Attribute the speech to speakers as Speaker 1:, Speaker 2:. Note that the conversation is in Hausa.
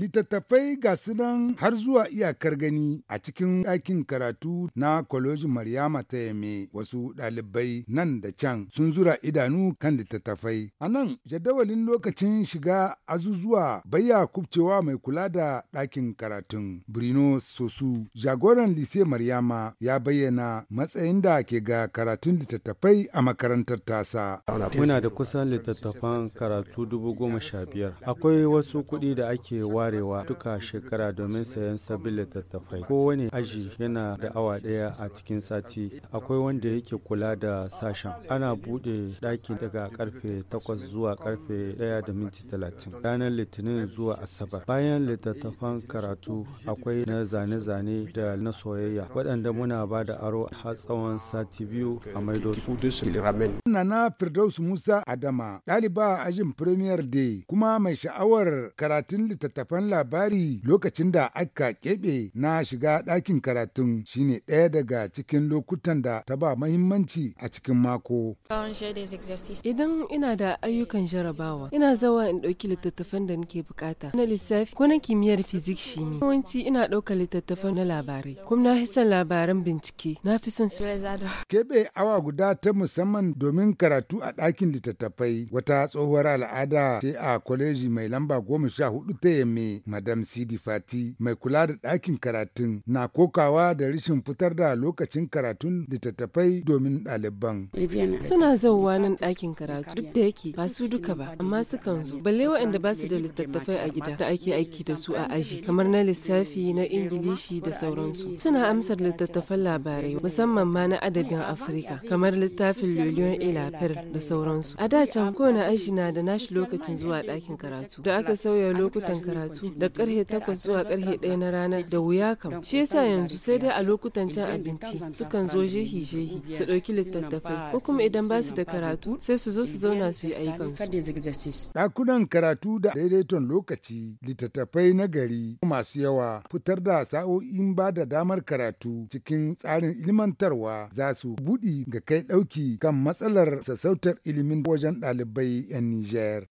Speaker 1: Littattafai ga sunan har zuwa iyakar gani a cikin ɗakin karatu na kwaloji Maryama ta Yame wasu ɗalibai nan da can sun zura idanu kan littattafai. A nan jadawalin lokacin shiga azuzuwa bayya kubcewa mai kula da ɗakin karatun. Brino Sosu jagoran Lise Maryama ya bayyana matsayin da ke ga karatun littattafai a makarantar tasa. Muna
Speaker 2: da kusan littattafan karatu dubu goma sha biyar. Akwai wasu kuɗi da ake wa warewa duka shekara domin sayan sabbin littattafai. Kowane aji yana da awa ɗaya a cikin sati. Akwai wanda yake kula da sashen. Ana bude ɗakin daga karfe 8 zuwa karfe 1 da minti 30 ranar litinin zuwa asabar. Bayan littattafan karatu akwai na zane-zane da na soyayya waɗanda muna ba da aro har tsawon sati biyu a maido su.
Speaker 1: Nana Firdaus Musa Adama, ɗaliba a ajin Premier Day, kuma mai sha'awar karatun littattafan labari lokacin da aka keɓe na shiga ɗakin karatun shine ɗaya daga cikin lokutan da ta ba mahimmanci a cikin mako.
Speaker 3: Idan ina da ayyukan jarabawa, ina zawa in ɗauki littattafan da nake bukata. Na lissafi ko na kimiyyar fizik shi ne Yawanci ina ɗaukar littattafan na labarai, kuma na fi son labaran bincike. Na fi son su.
Speaker 1: Keɓe awa guda ta musamman domin domin karatu a ɗakin littattafai wata tsohuwar al'ada ce a kwaleji mai lamba goma sha hudu ta yamme madam sidi fati mai kula da ɗakin karatun na kokawa da rishin fitar da lokacin karatun littattafai domin ɗaliban. suna
Speaker 3: zauwa nan ɗakin karatu duk da yake ba su duka ba amma sukan zo balle waɗanda ba su da littattafai a gida da ake aiki da su a aji kamar na lissafi na ingilishi da sauransu suna amsar littattafan labarai musamman ma na adabin afirka kamar littafin a lafiyar da sauransu a da can kowane aji na da nashi lokacin zuwa ɗakin karatu da aka sauya lokutan karatu da karhe takwas zuwa karhe ɗaya na rana da wuya kam shi yasa yanzu sai dai a lokutan cin abinci sukan zo jehi jehi su ɗauki littattafai ko kuma idan ba su da karatu sai su zo su zauna su yi ayyukansu.
Speaker 1: ɗakunan karatu da daidaiton lokaci littattafai na gari masu yawa fitar da sa'o'in ba da damar karatu cikin tsarin ilmantarwa za su buɗi ga kai ɗauki kan matsalar matsalar sassautar ilimin wajen ɗalibai 'yan Nijar.